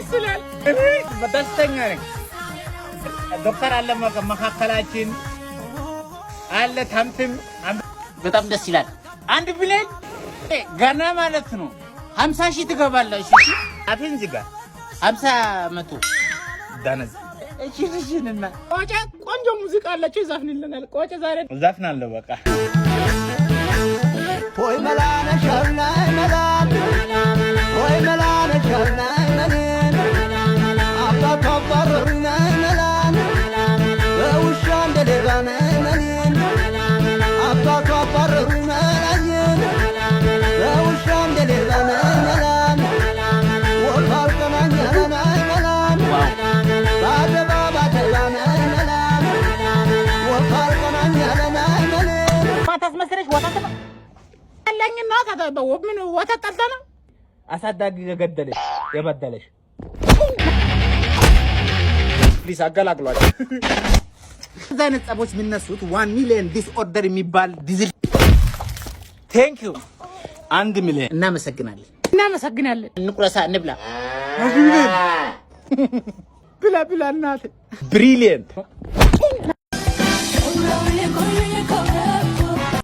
ደስ ይላል። ደስተኛ ነኝ። ዶክተር አለ መካከላችን አለ ታምትም በጣም ደስ ይላል። አንድ ብሌን ገና ማለት ነው ሀምሳ ሺህ ትገባለሽ። አፌን ዝጋ። ሀምሳ መቶ ዳነዝ ቆጨ ቆንጆ ሙዚቃ አላቸው። ይዛፍንልናል። ቆጨ ዛሬ ዛፍናለሁ በቃ መናመኔን አባቷ ምን ወተት ጠጣ ነው አሳዳጊ የገደለሽ የበደለሽ ፕሊዝ አገላግሏቸው። እዛ አይነት ጸቦች የሚነሱት ዋን ሚሊዮን ዲስኦርደር የሚባል ዲዝል ቴንክ ዩ አንድ ሚሊዮን እናመሰግናለን፣ እናመሰግናለን። እንቁረሳ እንብላ ብላ ብላ እናት ብሪሊየንት